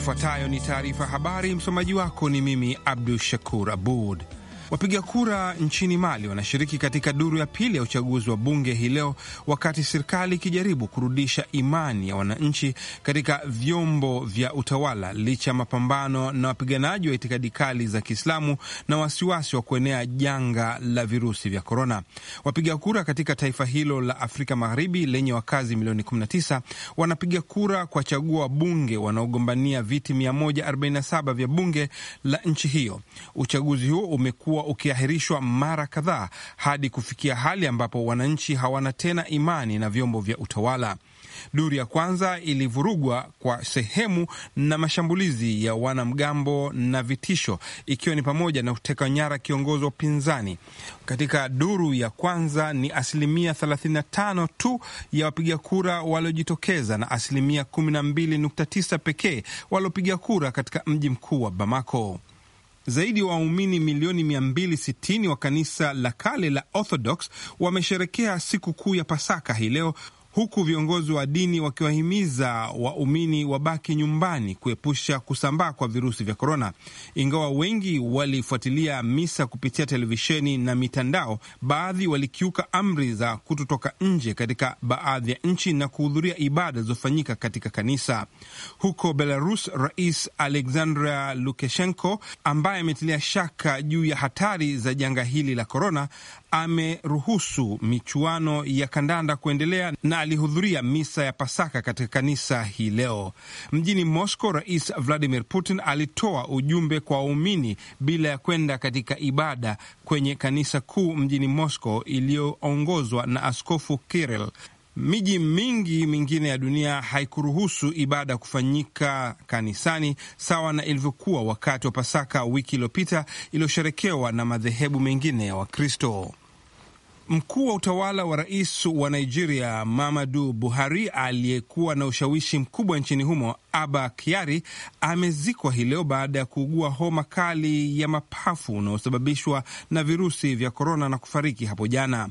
Ifuatayo ni taarifa habari, msomaji wako ni mimi Abdu Shakur Abud. Wapiga kura nchini Mali wanashiriki katika duru ya pili ya uchaguzi wa bunge hii leo, wakati serikali ikijaribu kurudisha imani ya wananchi katika vyombo vya utawala licha ya mapambano na wapiganaji wa itikadi kali za Kiislamu na wasiwasi wa kuenea janga la virusi vya korona. Wapiga kura katika taifa hilo la Afrika Magharibi lenye wakazi milioni 19 wanapiga kura kwa chagua wabunge wanaogombania viti 147 vya bunge la nchi hiyo. Uchaguzi huo umekuwa umekuwa ukiahirishwa mara kadhaa hadi kufikia hali ambapo wananchi hawana tena imani na vyombo vya utawala. Duru ya kwanza ilivurugwa kwa sehemu na mashambulizi ya wanamgambo na vitisho, ikiwa ni pamoja na kuteka nyara kiongozi wa upinzani. Katika duru ya kwanza ni asilimia 35 tu ya wapiga kura waliojitokeza na asilimia 12.9 pekee waliopiga kura katika mji mkuu wa Bamako. Zaidi ya wa waumini milioni 260 wa kanisa la kale la Orthodox wamesherekea sikukuu ya Pasaka hii leo huku viongozi wa dini wakiwahimiza waumini wabaki nyumbani kuepusha kusambaa kwa virusi vya korona. Ingawa wengi walifuatilia misa kupitia televisheni na mitandao, baadhi walikiuka amri za kutotoka nje katika baadhi ya nchi na kuhudhuria ibada zilizofanyika katika kanisa. Huko Belarus, Rais Alexandra Lukashenko ambaye ametilia shaka juu ya hatari za janga hili la korona, ameruhusu michuano ya kandanda kuendelea na alihudhuria misa ya Pasaka katika kanisa hii leo mjini Moscow. Rais Vladimir Putin alitoa ujumbe kwa waumini bila ya kwenda katika ibada kwenye kanisa kuu mjini Moscow iliyoongozwa na askofu Kirill. Miji mingi mingine ya dunia haikuruhusu ibada kufanyika kanisani sawa na ilivyokuwa wakati wa Pasaka wiki iliyopita iliyosherekewa na madhehebu mengine ya Wakristo. Mkuu wa utawala wa rais wa Nigeria mamadu Buhari aliyekuwa na ushawishi mkubwa nchini humo aba kiari amezikwa hii leo baada ya kuugua homa kali ya mapafu unaosababishwa na virusi vya korona na kufariki hapo jana.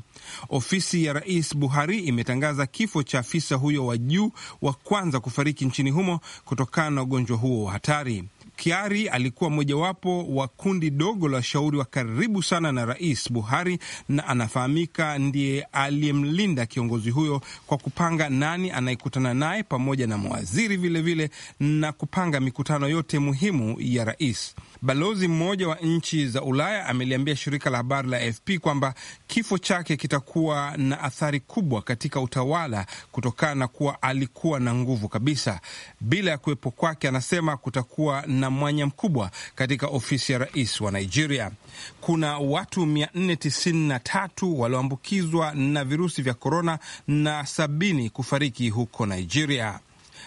Ofisi ya rais Buhari imetangaza kifo cha afisa huyo wa juu wa kwanza kufariki nchini humo kutokana na ugonjwa huo wa hatari. Kiari alikuwa mojawapo wa kundi dogo la washauri wa karibu sana na Rais Buhari na anafahamika ndiye aliyemlinda kiongozi huyo kwa kupanga nani anayekutana naye pamoja na mawaziri vilevile na kupanga mikutano yote muhimu ya rais. Balozi mmoja wa nchi za Ulaya ameliambia shirika la habari la AFP kwamba kifo chake kitakuwa na athari kubwa katika utawala kutokana na kuwa alikuwa na nguvu kabisa. Bila ya kuwepo kwake, anasema kutakuwa na mwanya mkubwa katika ofisi ya rais wa Nigeria. Kuna watu 493 walioambukizwa na virusi vya korona na 7b kufariki huko Nigeria.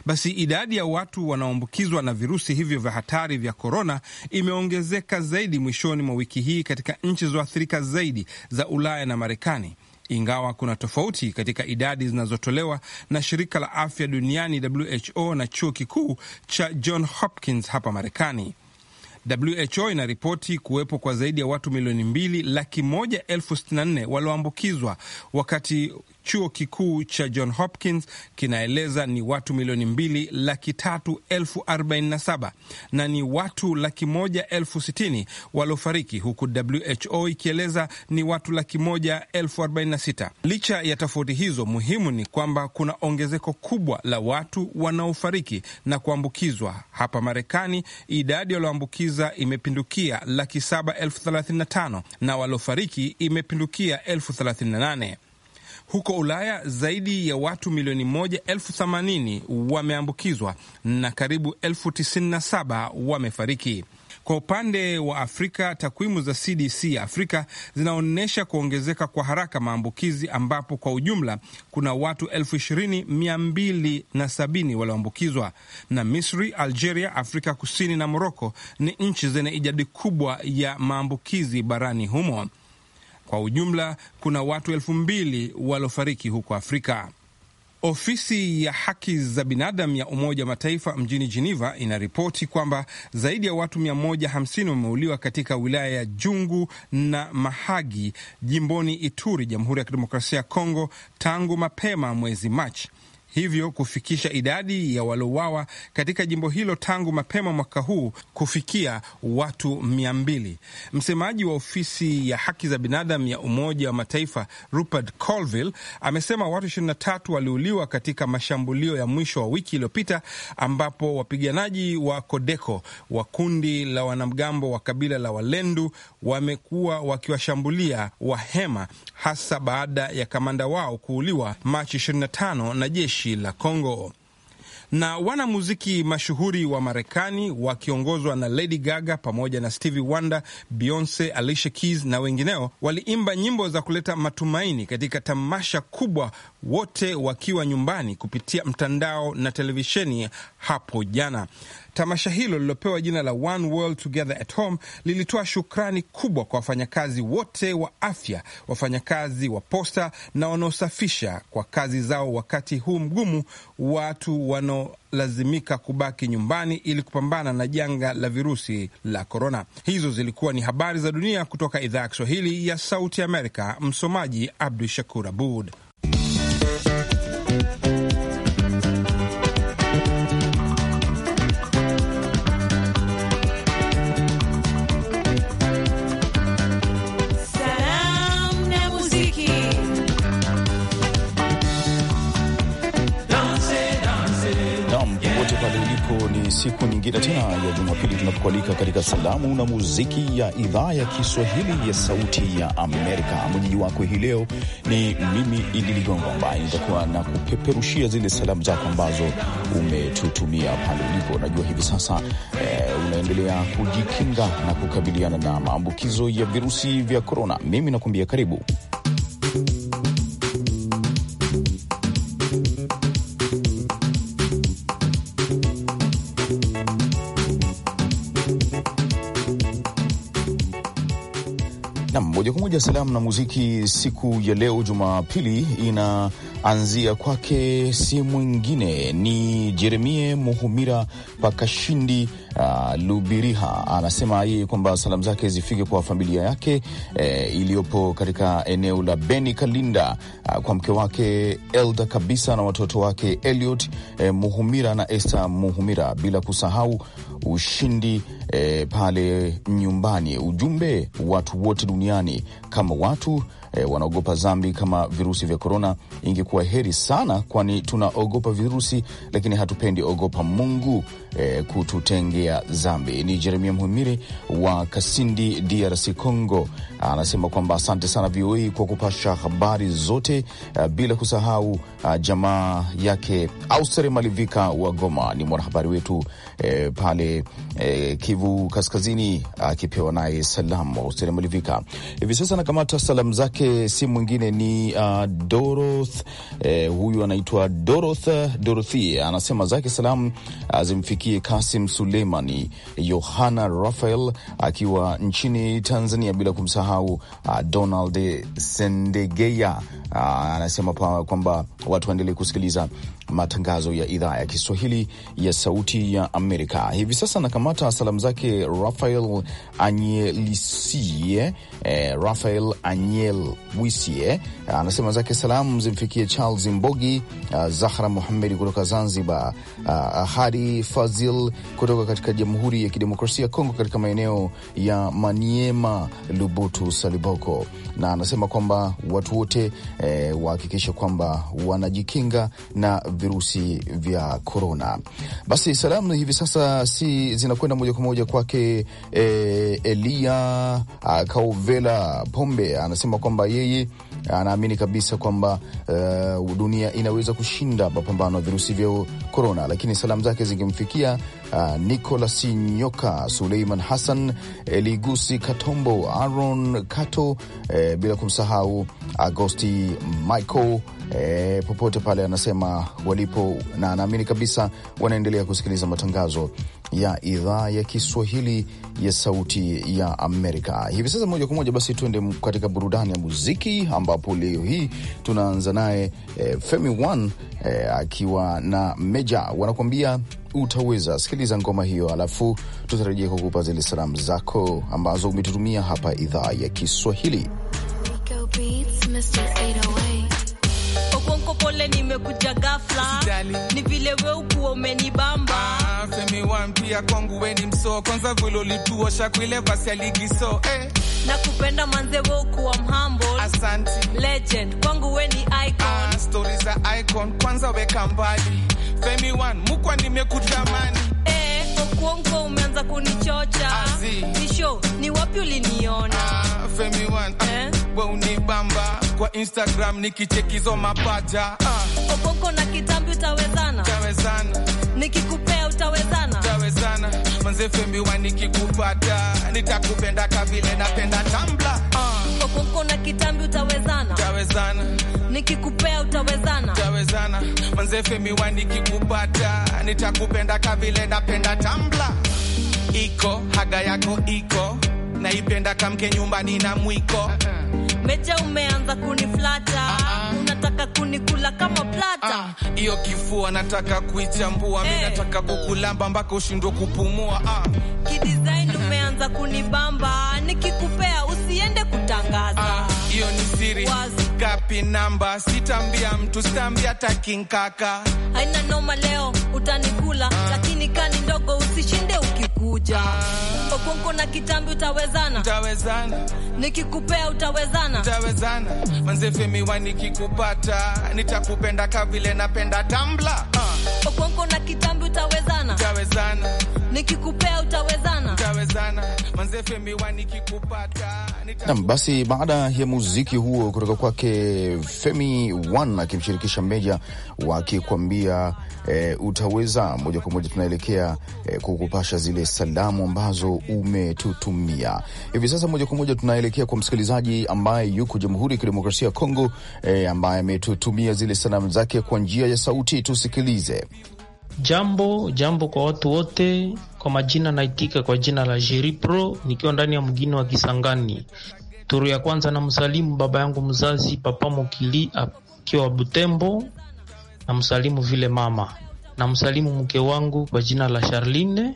Basi idadi ya watu wanaoambukizwa na virusi hivyo vya hatari vya korona imeongezeka zaidi mwishoni mwa wiki hii katika nchi zoathirika zaidi za Ulaya na Marekani, ingawa kuna tofauti katika idadi zinazotolewa na shirika la afya duniani WHO na chuo kikuu cha John Hopkins hapa Marekani. WHO inaripoti kuwepo kwa zaidi ya watu milioni mbili laki moja elfu sitini na nne walioambukizwa wakati chuo kikuu cha John Hopkins kinaeleza ni watu milioni mbili laki tatu elfu arobaini na saba na ni watu laki moja elfu sitini waliofariki, huku WHO ikieleza ni watu laki moja elfu arobaini na sita. Licha ya tofauti hizo, muhimu ni kwamba kuna ongezeko kubwa la watu wanaofariki na kuambukizwa. Hapa Marekani idadi walioambukiza imepindukia laki saba elfu thelathini na tano na waliofariki imepindukia elfu thelathini na nane. Huko Ulaya zaidi ya watu milioni moja elfu themanini wameambukizwa na karibu elfu tisini na saba wamefariki. Kwa upande wa Afrika, takwimu za CDC ya Afrika zinaonyesha kuongezeka kwa haraka maambukizi, ambapo kwa ujumla kuna watu elfu ishirini mia mbili na sabini walioambukizwa. Na Misri, Algeria, Afrika Kusini na Moroko ni nchi zenye idadi kubwa ya maambukizi barani humo. Kwa ujumla kuna watu elfu mbili waliofariki huko Afrika. Ofisi ya haki za binadamu ya Umoja wa Mataifa mjini Geneva inaripoti kwamba zaidi ya watu 150 wameuliwa katika wilaya ya Jungu na Mahagi jimboni Ituri, Jamhuri ya Kidemokrasia ya Kongo tangu mapema mwezi Machi hivyo kufikisha idadi ya waliouawa katika jimbo hilo tangu mapema mwaka huu kufikia watu mia mbili. Msemaji wa ofisi ya haki za binadamu ya Umoja wa Mataifa Rupert Colville amesema watu tatu waliuliwa katika mashambulio ya mwisho wa wiki iliyopita ambapo wapiganaji wa Kodeko wa kundi la wanamgambo wa kabila la Walendu wamekuwa wakiwashambulia Wahema hasa baada ya kamanda wao kuuliwa Machi 25 na jeshi jeshi la Kongo. Na wanamuziki mashuhuri wa Marekani wakiongozwa na Lady Gaga pamoja na Stevie Wonder, Beyonce, Alicia Keys na wengineo waliimba nyimbo za kuleta matumaini katika tamasha kubwa, wote wakiwa nyumbani kupitia mtandao na televisheni hapo jana. Tamasha hilo lililopewa jina la One World Together at Home lilitoa shukrani kubwa kwa wafanyakazi wote wa afya, wafanyakazi wa posta na wanaosafisha kwa kazi zao wakati huu mgumu, watu wanaolazimika kubaki nyumbani ili kupambana na janga la virusi la korona. Hizo zilikuwa ni habari za dunia kutoka idhaa ya Kiswahili ya Sauti Amerika. Msomaji Abdu Shakur Abud. siku nyingine tena ya Jumapili tunapokualika katika salamu na muziki ya idhaa ya Kiswahili ya Sauti ya Amerika. Mwenyeji wako hii leo ni mimi Idi Ligongo, ambaye nitakuwa na kupeperushia zile salamu zako ambazo umetutumia pale ulipo. Najua hivi sasa eh, unaendelea kujikinga na kukabiliana na maambukizo ya virusi vya korona. Mimi nakuambia karibu moja salamu na muziki siku ya leo Jumapili inaanzia kwake, si mwingine ni Jeremie Muhumira Pakashindi uh, Lubiriha. Anasema yeye kwamba salamu zake zifike kwa familia yake eh, iliyopo katika eneo la Beni Kalinda, uh, kwa mke wake Elda Kabisa na watoto wake Eliot eh, Muhumira na Esther Muhumira, bila kusahau ushindi e, pale nyumbani. Ujumbe watu wote duniani, kama watu e, wanaogopa dhambi kama virusi vya korona. Ingekuwa heri sana, kwani tunaogopa virusi, lakini hatupendi ogopa Mungu e, kututengea dhambi. Ni Jeremia Muhimiri wa Kasindi, DRC Congo, anasema kwamba asante sana VOA e kwa kupasha habari zote, a, e, bila kusahau a, e, jamaa yake Austere Malivika wa Goma, ni mwanahabari wetu e, pale e, Kivu Kaskazini, akipewa naye salamu. Austere Malivika hivi sasa anakamata salamu zake yake si mwingine ni uh, Doroth eh, huyu anaitwa Doroth Dorothy anasema zake salamu azimfikie Kasim Suleimani, Yohana Rafael akiwa nchini Tanzania, bila kumsahau uh, Donald Sendegeya. Uh, anasema kwamba watu waendelee kusikiliza matangazo ya idhaa ya Kiswahili ya Sauti ya Amerika. Hivi sasa anakamata salamu zake Rafael Anyelisie, eh, Rafael Wisie anasema zake salamu zimfikie Charles Mbogi, uh, Zahra Muhamedi kutoka Zanzibar, uh, eh, Ahadi Fazil kutoka katika Jamhuri ya Kidemokrasia ya Kongo, katika maeneo ya Maniema, Lubutu, Saliboko, na anasema kwamba watu wote eh, wahakikishe kwamba wanajikinga na virusi vya korona. Basi salamu hivi sasa si zinakwenda moja kwa moja kwake e, Elia ah, Kauvela Pombe anasema kwamba yeye anaamini kabisa kwamba uh, dunia inaweza kushinda mapambano ya virusi vya korona, lakini salamu zake zingemfikia uh, Nicolas Nyoka, Suleiman Hassan, Eligusi Katombo, Aaron Kato, eh, bila kumsahau Agosti Michael eh, popote pale anasema walipo, na anaamini kabisa wanaendelea kusikiliza matangazo ya idhaa ya Kiswahili ya Sauti ya Amerika. Hivi sasa moja kwa moja basi tuende katika burudani ya muziki, ambapo leo hii tunaanza naye eh, Femi One eh, akiwa na me Meja wanakuambia utaweza. Sikiliza ngoma hiyo, alafu tutarejea kukupa zile salamu zako ambazo umetutumia hapa idhaa ya Kiswahili. nimekuja ghafla, ni vile ukuwa umenibamba one pia kwangu we ni mso kwanza vilolituosha kwile basi aligiso eh. Nakupenda manze wewe kuwa mhambo asanti legend kwangu we ni icon ah, stori za icon kwanza weka mbali Femi one mukwa nimekutamani eh, kwangu umeanza kunichocha Ni show ni wapi uliniona ah, Femi one ah, eh? we unibamba kwa Instagram nikichekizo mapaja ah. kwangu na kitambi utawezana, utawezana. nikikupa utawezana, utawezana manze fembiwa nikikupata nitakupenda kavile napenda tambla ah. uh. na kitambi utawezana, utawezana nikikupea utawezana, utawezana manze fembiwa nikikupata nitakupenda kavile napenda tambla iko haga yako iko naipenda kamke nyumbani na mwiko uh -uh. Meja umeanza kuniflata uh unataka kunikula kama plata ah, hiyo. Ah, kifua nataka kuichambua hey. Mi eh. nataka kukulamba mpaka ushindwe kupumua ah. Kidesign umeanza kunibamba, nikikupea usiende kutangaza ah, hiyo. Ah, ni siri kapi namba, sitambia mtu, sitambia takinkaka, haina noma, leo utanikula ah. Lakini kani ndogo usishinde uki kuja. Okonko na kitambi utawezana, utawezana. Nikikupea utawezana, utawezana. Femi wa nikikupata, nitakupenda kavile napenda tambla. Uh. Okonko na kitambi utawezana, utawezana nikikupea utawezana, utawezana. Nam basi, baada ya muziki huo kutoka kwake Femi One akimshirikisha Meja wakikwambia e, utaweza, moja kwa moja tunaelekea e, kukupasha zile salamu ambazo umetutumia hivi sasa. Moja kwa moja tunaelekea kwa msikilizaji ambaye yuko Jamhuri ya Kidemokrasia ya Kongo e, ambaye ametutumia zile salamu zake kwa njia ya sauti, tusikilize. Jambo jambo kwa watu wote, kwa majina naitika kwa jina la Jeri Pro, nikiwa ndani ya mgini wa Kisangani. Turu ya kwanza na msalimu baba yangu mzazi, Papa Mokili akiwa Butembo, na msalimu vile mama, na msalimu mke wangu kwa jina la Charline,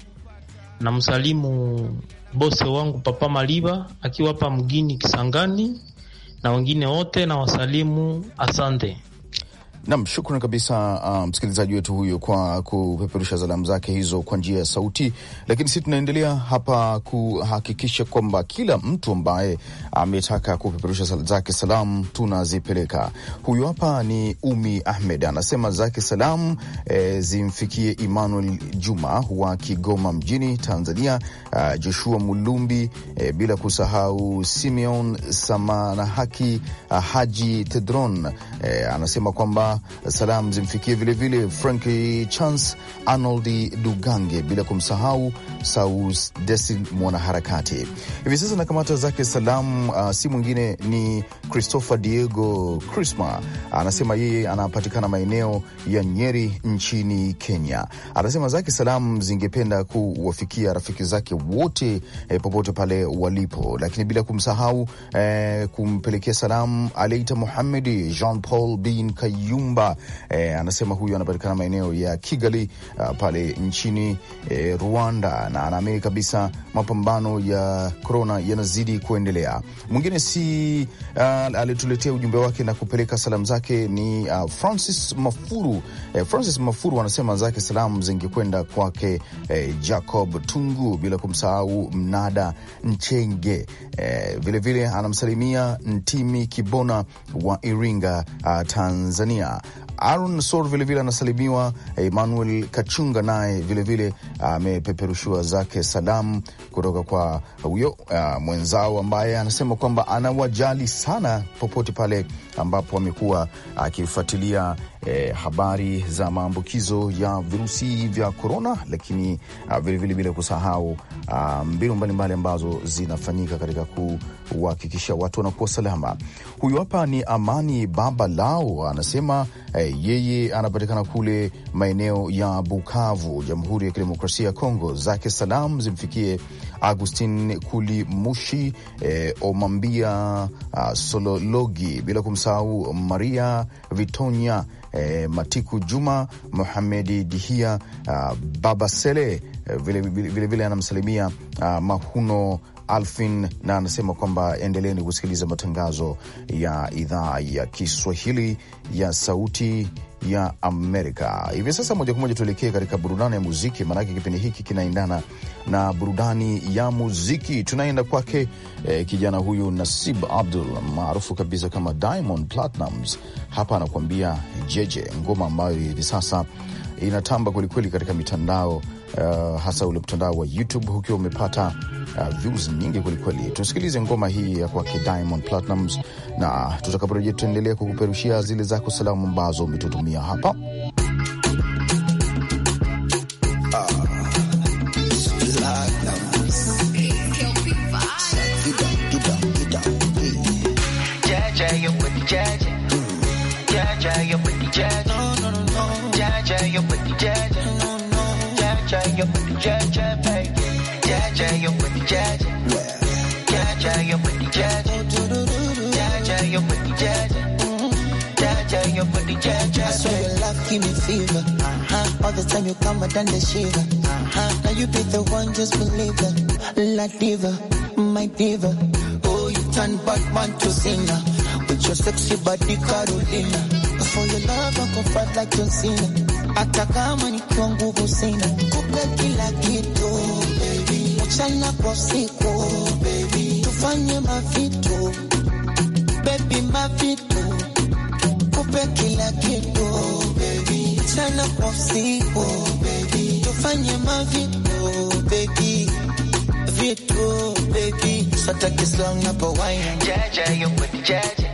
na msalimu bose wangu Papa Maliba akiwa hapa mgini Kisangani, na wengine wote na wasalimu, asante. Nam, shukran kabisa uh, msikilizaji wetu huyo kwa kupeperusha salamu zake hizo kwa njia ya sauti. Lakini sisi tunaendelea hapa kuhakikisha kwamba kila mtu ambaye ametaka kupeperusha zake salamu tunazipeleka. Huyu hapa ni Umi Ahmed, anasema zake salamu e, zimfikie Emmanuel Juma wa Kigoma mjini Tanzania, uh, Joshua Mulumbi, e, bila kusahau Simeon Samanahaki, uh, Haji Tedron. E, anasema kwamba salam salamu zimfikie vilevile Frank Chance, Arnold Dugange, bila kumsahau Saus Desi mwanaharakati. Hivi sasa na kamata zake salamu uh, si mwingine ni Christopher Diego Crisma, anasema yeye anapatikana maeneo ya Nyeri nchini Kenya. Anasema zake salamu zingependa kuwafikia rafiki zake wote eh, popote pale walipo, lakini bila kumsahau eh, kumpelekea salamu Aleita Muhamedi Jean Paul bin Kayum Lumumba e, eh, anasema huyu anapatikana maeneo ya Kigali uh, pale nchini e, Rwanda, na anaamini kabisa mapambano ya korona yanazidi kuendelea. Mwingine si uh, ah, alituletea ujumbe wake na kupeleka salamu zake ni uh, Francis Mafuru E, Francis Mafuru anasema zake salamu zingekwenda kwake e, Jacob Tungu, bila kumsahau Mnada Nchenge vilevile vile, anamsalimia Ntimi Kibona wa Iringa uh, Tanzania Kenya. Aaron Sor vilevile anasalimiwa. Emmanuel Kachunga naye vilevile amepeperushiwa zake salamu kutoka kwa huyo uh, mwenzao ambaye anasema kwamba anawajali sana popote pale ambapo amekuwa akifuatilia e, habari za maambukizo ya virusi vya korona, lakini vilevile uh, bila kusahau uh, mbinu mbalimbali ambazo zinafanyika katika ku kuhakikisha watu wanakuwa salama. Huyu hapa ni Amani Baba Lao, anasema eh, yeye anapatikana kule maeneo ya Bukavu, Jamhuri ya Kidemokrasia ya Kongo. Zake salam zimfikie Agustin Kulimushi, eh, Omambia ah, Solologi, bila kumsahau Maria Vitonya, eh, Matiku Juma, Muhamedi Dihia, ah, Baba Sele vilevile eh, vile, vile anamsalimia uh, Mahuno Alfin, na anasema kwamba endeleeni kusikiliza matangazo ya idhaa ya Kiswahili ya Sauti ya Amerika. Hivi sasa moja kwa moja tuelekee katika burudani ya muziki, maanake kipindi hiki kinaendana na burudani ya muziki. Tunaenda kwake eh, kijana huyu Nasib Abdul maarufu kabisa kama Diamond Platnumz. Hapa anakuambia Jeje, ngoma ambayo hivi sasa inatamba kwelikweli katika mitandao uh, hasa ule mtandao wa YouTube ukiwa umepata uh, views nyingi kwelikweli. Tusikilize ngoma hii ya kwake Diamond Platnumz, na tutakaporejea tutaendelea kukuperushia zile zako salamu ambazo umetutumia hapa. Ah. Jaja, jaja. No, no, no, Jaja, jaja. jaja, I swear your love give me fever. All the time you come, I done the shiver. Now you be the one, just believe it. diva, my diva. Oh, you turn Batman to singer. With your sexy body, Carolina. For your love, I go fight like John Cena. hata kama nikiwa nguvu sina kupa kila kitu mchana kwa siku tufanye mavitu baby, mavitu kupe kila kitu mchana kwa siku tufanye mavitu baby vitu baby, sataki slang na pawaina jaja yo kuti jaja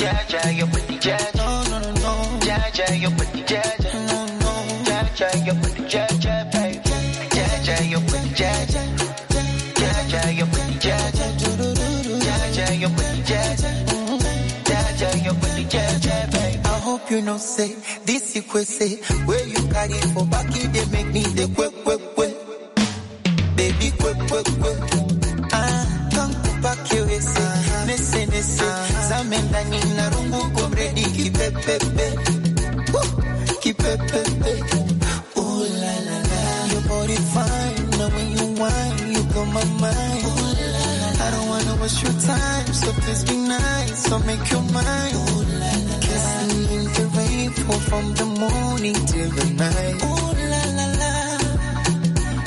jaja yo kuti jaja no no no jaja yo kuti jaja you know say this you could say where you carry for back they make me the quick quick quick baby quick quick quick ah come back you is nese nese zamenda nina rungu komredi kipepepe kipepepe ooh la la la your body fine now when you whine you blow my mind ooh la la I don't wanna waste your time so please be nice so make your mind faithful from the morning till the night. Ooh, la la la.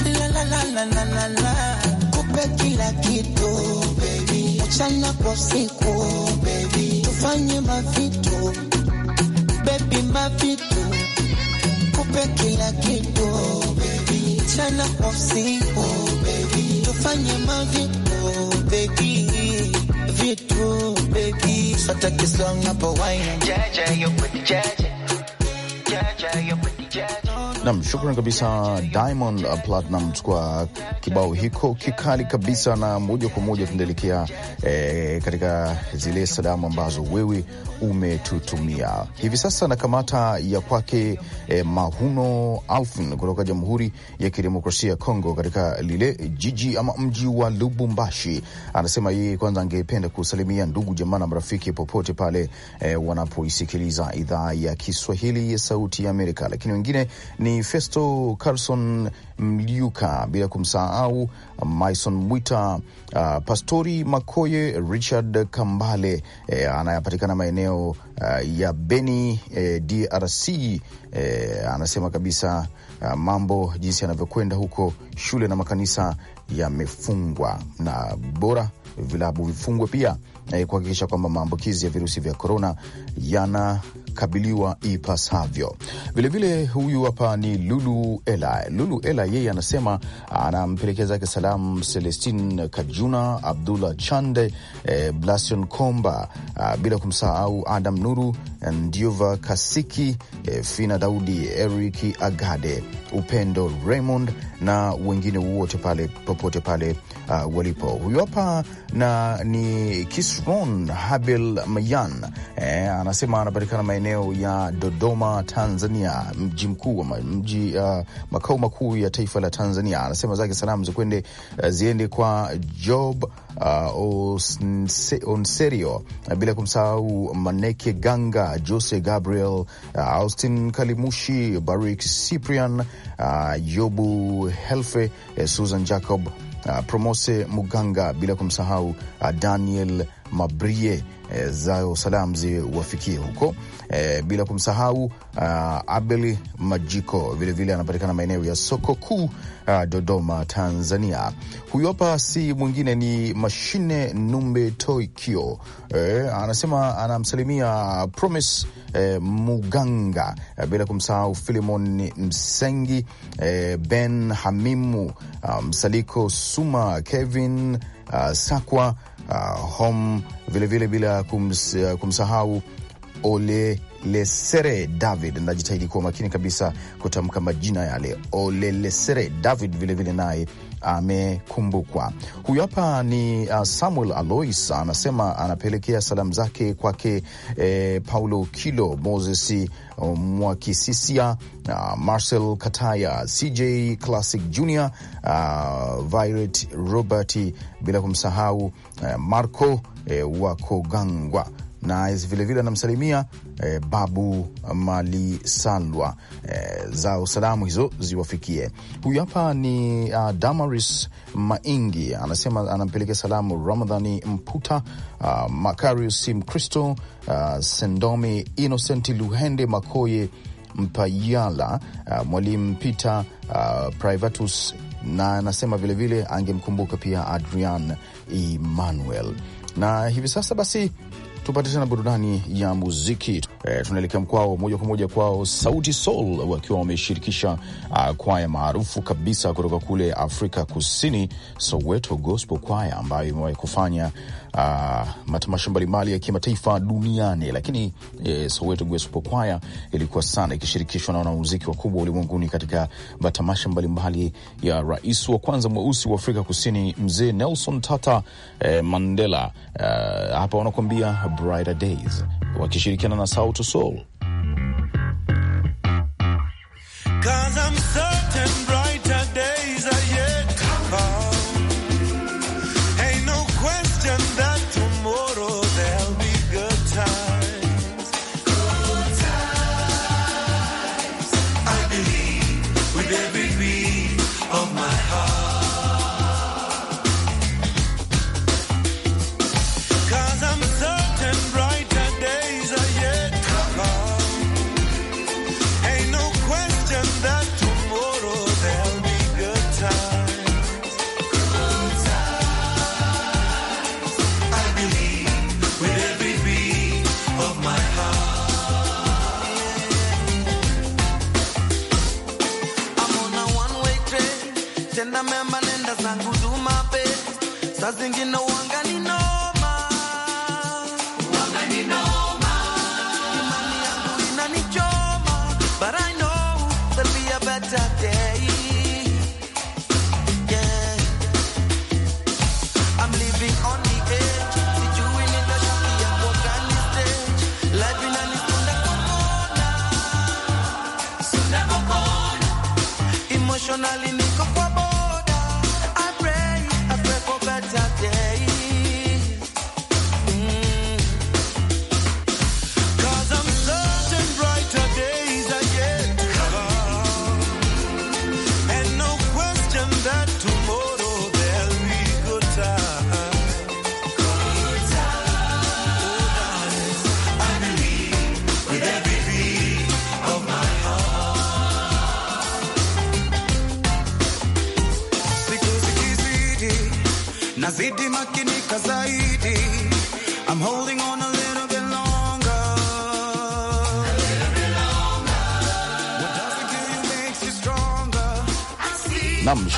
La la la la la la la. Kupe kila kitu. Oh, baby. Mchana kwa siku. baby. Tufanye mavitu. Baby mavitu. Kupe kila kitu. baby. Mchana kwa siku. baby. Tufanye mavitu. baby. Vitu, baby. Sata kisonga po wine. Jaja, yo with the jaja. jaja ya faɗi jaja Nam, shukran kabisa Diamond uh, Platinum kwa kibao hiko kikali kabisa, na moja kwa moja tunaelekea eh, katika zile salamu ambazo wewe umetutumia hivi sasa. Na kamata ya kwake eh, Mahuno Alfin kutoka Jamhuri ya Kidemokrasia ya Kongo, katika lile jiji ama mji wa Lubumbashi. Anasema yeye kwanza angependa kusalimia ndugu jamaa na marafiki popote pale eh, wanapoisikiliza idhaa ya Kiswahili ya Sauti ya Amerika, lakini wengine ni ni Festo Carson Mliuka, bila kumsahau Maison Mwita, uh, Pastori Makoye, Richard Kambale, eh, anayepatikana maeneo uh, ya Beni eh, DRC. Eh, anasema kabisa uh, mambo jinsi yanavyokwenda huko, shule na makanisa yamefungwa na bora vilabu vifungwe pia eh, kuhakikisha kwamba maambukizi ya virusi vya korona yanakabiliwa ipasavyo. Vilevile huyu hapa ni Lulu Ela. Lulu Ela yeye anasema anampelekea zake salamu Celestin Kajuna, Abdullah Chande, eh, Blason Komba, ah, bila kumsahau Adam Nuru, Ndiova Kasiki, eh, Fina Daudi, Eric Agade, Upendo Raymond na wengine wote pale popote pale uh, walipo. Huyu hapa na ni Kisron Habil Mayan eh, anasema anapatikana maeneo ya Dodoma, Tanzania, mji mkuu wa mji uh, makao makuu ya taifa la Tanzania. Anasema zake salamu zikwende uh, ziende kwa Job uh, Onserio, uh, bila kumsahau Maneke Ganga, Jose Gabriel, uh, Austin Kalimushi, Barik Cyprian, uh, Yobu Helfe, uh, Susan Jacob Uh, Promose Muganga, bila kumsahau uh, Daniel Mabrie Eh, zao salamu ziwafikie huko e, bila kumsahau ah, Abel Majiko vilevile anapatikana maeneo ya soko kuu ah, Dodoma, Tanzania. Huyu hapa si mwingine ni Mashine Numbe Toikio e, anasema anamsalimia Promise e, Muganga e, bila kumsahau Filimon Msengi e, Ben Hamimu ah, Msaliko Suma Kevin Uh, Sakwa uh, Home vilevile, bila kums, uh, kumsahau Ole Lesere David. Najitahidi kuwa makini kabisa kutamka majina yale. Ole Lesere David vilevile naye amekumbukwa. Huyu hapa ni uh, Samuel Alois anasema anapelekea salamu zake kwake eh, Paulo Kilo, Moses um, Mwakisisia, uh, Marcel Kataya, CJ Classic jr uh, Violet Robert, bila kumsahau uh, Marco eh, Wakogangwa na vilevile anamsalimia e, Babu Malisalwa. E, eh, za salamu hizo ziwafikie. Huyu hapa ni uh, Damaris Maingi anasema anampelekea salamu Ramadhani Mputa, uh, ah, Makarius Mkristo, uh, ah, Sendomi Innocent Luhende Makoye Mpayala, uh, Mwalimu Peter uh, Privatus na anasema vilevile angemkumbuka pia Adrian Emmanuel na hivi sasa basi tupate tena burudani ya muziki e, tunaelekea mkwao moja kwa moja kwao Sauti Sol wakiwa wameshirikisha uh, kwaya maarufu kabisa kutoka kule Afrika Kusini, Soweto Gospel Kwaya ambayo imewahi kufanya uh, ah, matamasha mbalimbali ya kimataifa duniani, lakini e, Soweto Gospel Choir ilikuwa sana ikishirikishwa na wanamuziki wakubwa ulimwenguni katika matamasha mbalimbali ya rais wa kwanza mweusi wa Afrika Kusini, mzee Nelson Tata eh, Mandela. Uh, hapa wanakuambia Brighter Days wakishirikiana na Sauti Sol. Cause I'm certain, bro. of my heart. emotionally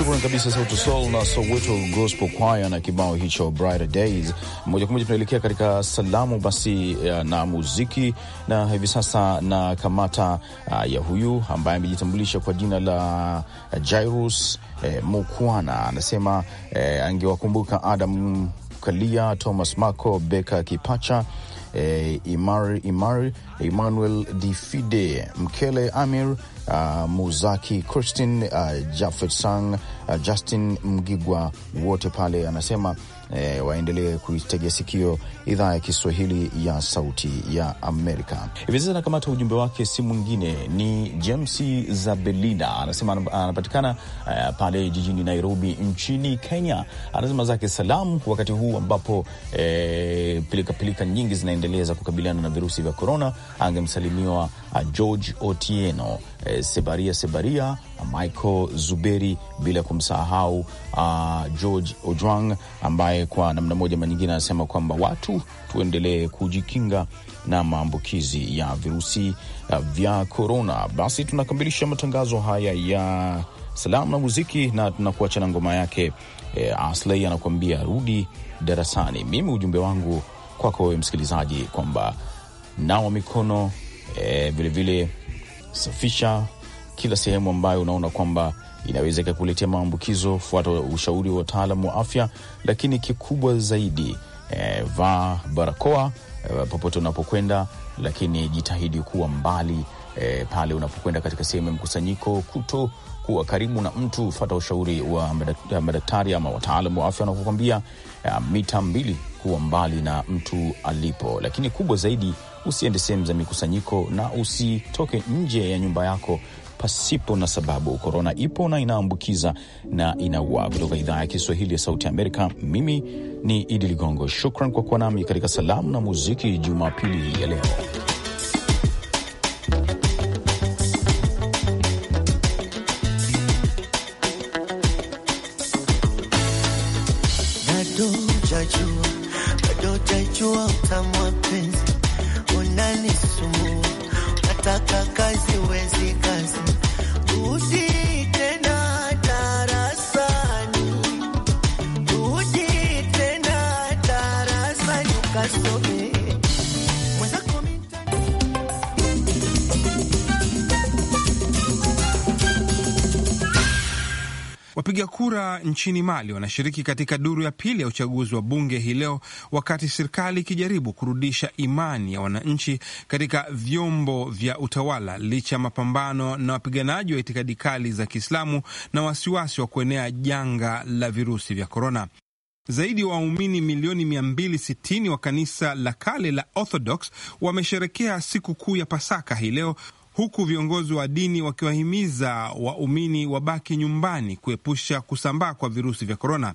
Shukran kabisa Sauti Sol na Soweto Gospel Choir na kibao hicho Brighter Days. Moja kwa moja tunaelekea katika salamu basi eh, na muziki, na hivi sasa na kamata eh, ya huyu ambaye amejitambulisha kwa jina la eh, Jairus eh, Mukwana anasema eh, angewakumbuka Adam Kalia, Thomas Marco Beka Kipacha eh, Imar, Imar, Emmanuel Difide Mkele Amir Uh, Muzaki Christin uh, ah, Jafet Sang uh, Justin Mgigwa wote pale, anasema e, waendelee kuitegea sikio idhaa ya Kiswahili ya Sauti ya Amerika. Hivi sasa anakamata ujumbe wake, si mwingine ni James Zabelina, anasema anapatikana uh, pale jijini Nairobi nchini Kenya. Anasema zake salamu wakati huu ambapo pilikapilika e, pilika nyingi zinaendelea za kukabiliana na virusi vya korona, angemsalimiwa uh, George Otieno Eh, Sebaria Sebaria, Michael Zuberi, bila kumsahau uh, George Ojwang ambaye kwa namna moja manyingine nyingine anasema kwamba watu tuendelee kujikinga na maambukizi ya virusi uh, vya korona. Basi tunakamilisha matangazo haya ya salamu na muziki, na tunakuacha na ngoma yake e, Asley anakuambia rudi darasani. Mimi ujumbe wangu kwako wewe msikilizaji kwamba nawa mikono vilevile, eh, safisha kila sehemu ambayo unaona kwamba inaweza ikakuletea maambukizo. Fuata ushauri wa wataalam wa afya, lakini kikubwa zaidi e, vaa barakoa e, popote unapokwenda, lakini jitahidi kuwa mbali e, pale unapokwenda katika sehemu ya mkusanyiko, kuto kuwa karibu na mtu. Fuata ushauri wa madaktari ama wataalam wa afya wanakukwambia, e, mita mbili kuwa mbali na mtu alipo, lakini kubwa zaidi usiende sehemu za mikusanyiko na usitoke nje ya nyumba yako pasipo na sababu. Korona ipo na inaambukiza na inaua. Kutoka idhaa ya Kiswahili ya Sauti Amerika, mimi ni Idi Ligongo. Shukran kwa kuwa nami katika salamu na muziki jumapili hii ya leo. nchini Mali wanashiriki katika duru ya pili ya uchaguzi wa bunge hii leo, wakati serikali ikijaribu kurudisha imani ya wananchi katika vyombo vya utawala licha ya mapambano na wapiganaji wa itikadi kali za Kiislamu na wasiwasi wa kuenea janga la virusi vya korona. Zaidi ya wa waumini milioni 260 wa kanisa la kale la Orthodox wamesherekea sikukuu ya Pasaka hii leo huku viongozi wa dini wakiwahimiza waumini wabaki nyumbani kuepusha kusambaa kwa virusi vya korona.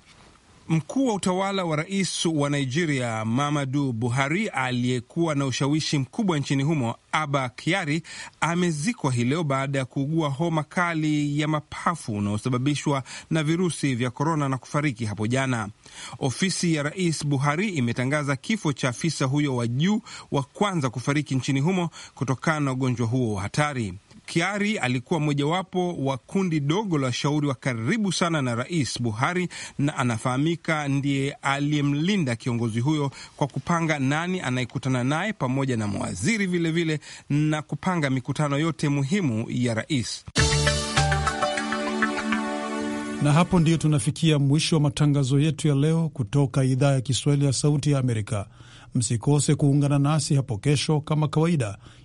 Mkuu wa utawala wa rais wa Nigeria mamadu Buhari aliyekuwa na ushawishi mkubwa nchini humo aba kiari amezikwa hii leo baada ya kuugua homa kali ya mapafu unaosababishwa na virusi vya korona na kufariki hapo jana. Ofisi ya rais Buhari imetangaza kifo cha afisa huyo wa juu wa kwanza kufariki nchini humo kutokana na ugonjwa huo wa hatari. Kiari alikuwa mojawapo wa kundi dogo la washauri wa karibu sana na Rais Buhari na anafahamika ndiye aliyemlinda kiongozi huyo kwa kupanga nani anayekutana naye pamoja na mawaziri vilevile na kupanga mikutano yote muhimu ya rais. Na hapo ndiyo tunafikia mwisho wa matangazo yetu ya leo kutoka idhaa ya Kiswahili ya Sauti ya Amerika. Msikose kuungana nasi hapo kesho kama kawaida